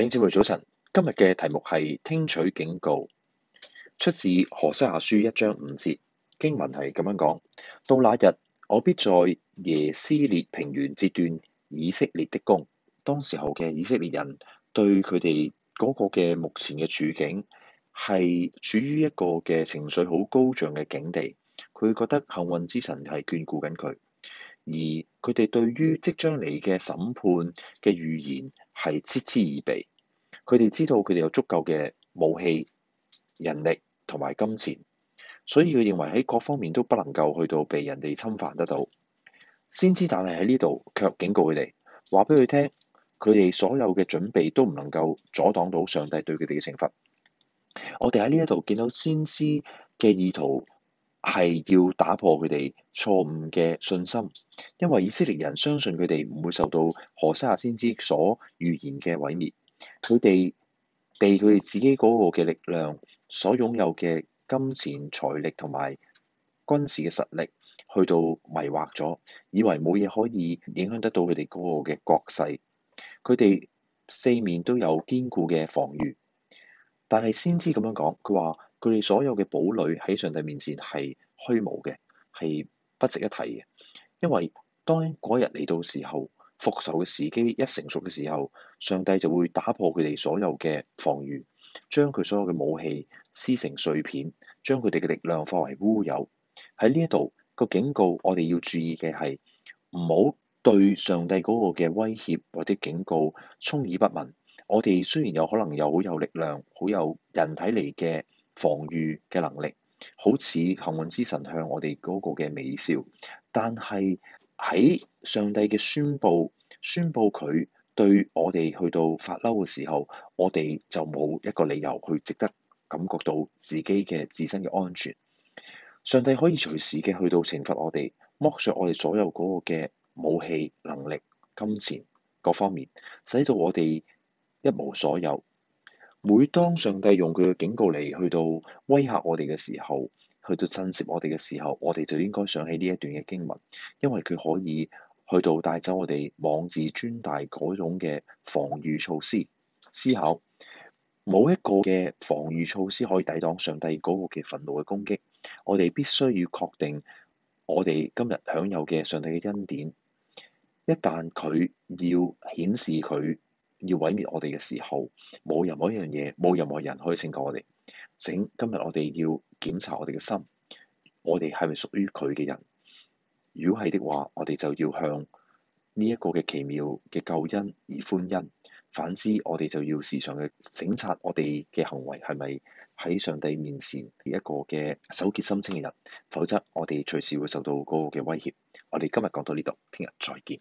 頂少會早晨，今日嘅題目係聽取警告，出自何西阿書一章五節，經文係咁樣講：到那日，我必在耶斯列平原折斷以色列的弓。當時候嘅以色列人對佢哋嗰個嘅目前嘅處境，係處於一個嘅情緒好高漲嘅境地，佢覺得幸運之神係眷顧緊佢，而佢哋對於即將嚟嘅審判嘅預言。係嗤之以鼻，佢哋知道佢哋有足夠嘅武器、人力同埋金錢，所以佢認為喺各方面都不能夠去到被人哋侵犯得到。先知但係喺呢度卻警告佢哋，話俾佢聽，佢哋所有嘅準備都唔能夠阻擋到上帝對佢哋嘅懲罰。我哋喺呢一度見到先知嘅意圖。係要打破佢哋錯誤嘅信心，因為以色列人相信佢哋唔會受到何西阿先知所預言嘅毀滅，佢哋被佢哋自己嗰個嘅力量，所擁有嘅金錢財力同埋軍事嘅實力，去到迷惑咗，以為冇嘢可以影響得到佢哋嗰個嘅國勢，佢哋四面都有堅固嘅防禦，但係先知咁樣講，佢話。佢哋所有嘅堡壘喺上帝面前係虛無嘅，係不值一提嘅。因為當嗰日嚟到時候，復仇嘅時機一成熟嘅時候，上帝就會打破佢哋所有嘅防禦，將佢所有嘅武器撕成碎片，將佢哋嘅力量化為烏有。喺呢一度個警告，我哋要注意嘅係唔好對上帝嗰個嘅威脅或者警告充耳不聞。我哋雖然有可能有好有力量，好有人體嚟嘅。防禦嘅能力，好似幸運之神向我哋嗰個嘅微笑，但係喺上帝嘅宣布，宣布佢對我哋去到發嬲嘅時候，我哋就冇一個理由去值得感覺到自己嘅自身嘅安全。上帝可以隨時嘅去到懲罰我哋，剝削我哋所有嗰個嘅武器、能力、金錢各方面，使到我哋一無所有。每當上帝用佢嘅警告嚟去到威嚇我哋嘅時候，去到震懾我哋嘅時候，我哋就應該想起呢一段嘅經文，因為佢可以去到帶走我哋妄自尊大嗰種嘅防禦措施。思考，冇一個嘅防禦措施可以抵擋上帝嗰個嘅憤怒嘅攻擊，我哋必須要確定我哋今日享有嘅上帝嘅恩典，一旦佢要顯示佢。要毀滅我哋嘅時候，冇任何一樣嘢，冇任何人可以拯救我哋。請今日我哋要檢查我哋嘅心，我哋係咪屬於佢嘅人？如果係的話，我哋就要向呢一個嘅奇妙嘅救恩而歡欣；反之，我哋就要時常嘅省察我哋嘅行為係咪喺上帝面前係一個嘅手潔心清嘅人？否則，我哋隨時會受到嗰個嘅威脅。我哋今日講到呢度，聽日再見。